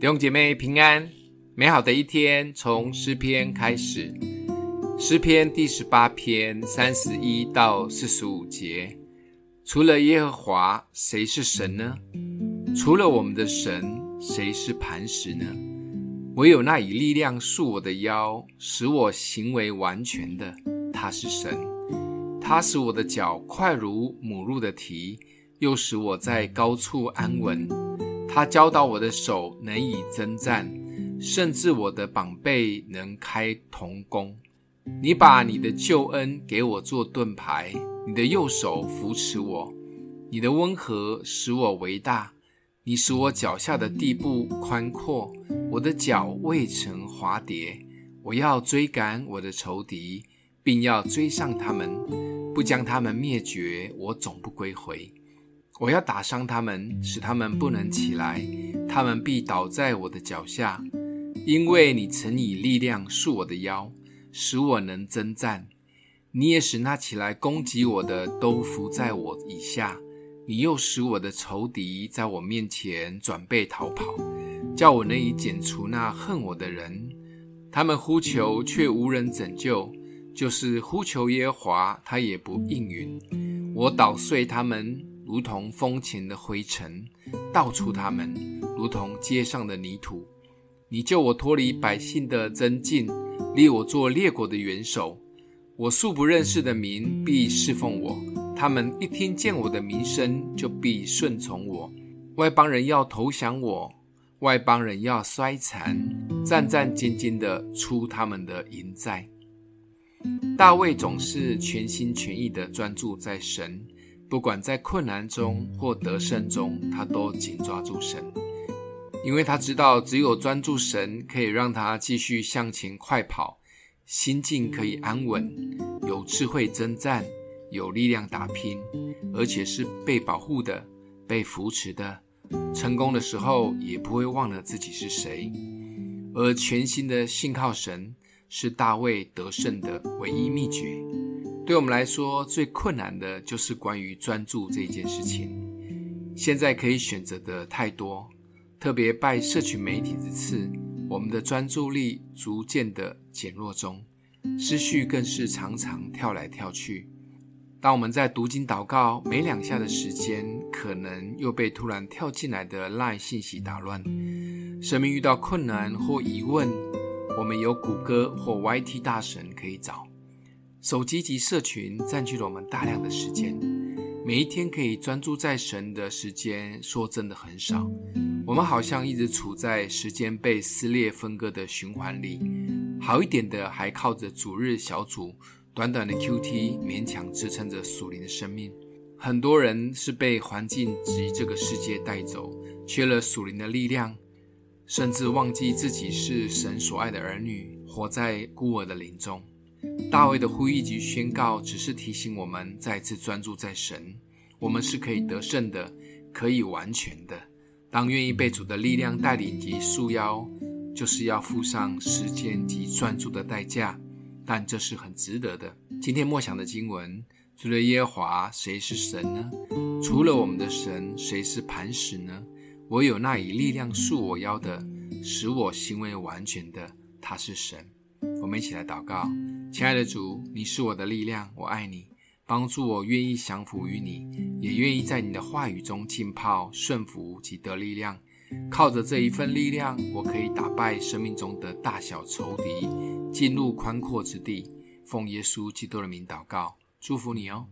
弟兄姐妹平安，美好的一天從詩篇開始。詩篇第十八篇三十一到四十五節：除了耶和華，誰是神呢？除了我們的神，誰是磐石呢？唯有那以力量束我的腰，使我行為完全的，他是神。他使我的腳快如母鹿的蹄，又使我在高處安穩。他教導我的手能以征戰，甚至我的膀臂能開銅弓。你把你的救恩給我做盾牌，你的右手扶持我，你的溫和使我為大。你使我腳下的地步寬闊，我的腳未曾滑跌。我要追趕我的仇敵，並要追上他們，不將他們滅絕，我總不歸回。我要打傷他們，使他們不能起來，他們必倒在我的腳下。因為你曾以力量束我的腰，使我能爭戰。你也使那起來攻擊我的都服在我以下。你又使我的仇敵在我面前轉背逃跑，叫我能以剪除那恨我的人。他們呼求卻無人拯救，就是呼求耶和華，他也不應允。我搗碎他們。如同風前的灰塵，倒出他們，如同街上的泥土。你救我脫離百姓的爭競，立我做列國的元首。我素不認識的民必侍奉我，他們一聽見我的名聲就必順從我。外邦人要投降我，外邦人要衰殘，戰戰兢兢的出他們的營寨。大衛總是全心全意的專注在神。不管在困難中或得勝中，他都緊抓住神，因為他知道只有專注神，可以讓他繼續向前快跑，心境可以安穩，有智慧爭戰，有力量打拼，而且是被保護的、被扶持的。成功的時候也不會忘了自己是誰，而全心的信靠神，是大衛得勝的唯一秘訣。對我們來說，最困難的就是關於專注這一件事情。現在可以選擇的太多，特別拜社群媒體之賜，我們的專注力逐漸的減弱中，思緒更是常常跳來跳去。當我們在讀經禱告，沒兩下的時間，可能又被突然跳進來的 line 信息打亂。生命遇到困難或疑問，我們有谷歌或 YT 大神可以找。手機及社群佔據了我們大量的時間，每一天可以專注在神的時間，說真的很少。我們好像一直處在時間被撕裂分割的循環裡。好一點的，還靠着主日小組短短的 QT 勉強支撐着屬靈的生命。很多人是被環境及這個世界帶走，缺了屬靈的力量，甚至忘記自己是神所愛的兒女，活在孤兒的靈中。大衛的呼籲及宣告，只是提醒我們再次專注在神，我們是可以得勝的，可以完全的。當願意被主的力量帶領及束腰，就是要付上時間及專注的代價，但這是很值得的。今天默想的經文，除了耶和華，誰是神呢？除了我們的神，誰是磐石呢？惟有那以力量束我腰的，使我行為完全的，他是神。我們一起來禱告。親愛的主，你是我的力量，我愛你，幫助我，願意降服於你，也願意在你的話語中浸泡、順服及得力量。靠着這一份力量，我可以打敗生命中的大小仇敵，進入寬闊之地。奉耶穌基督的名禱告，祝福你哦。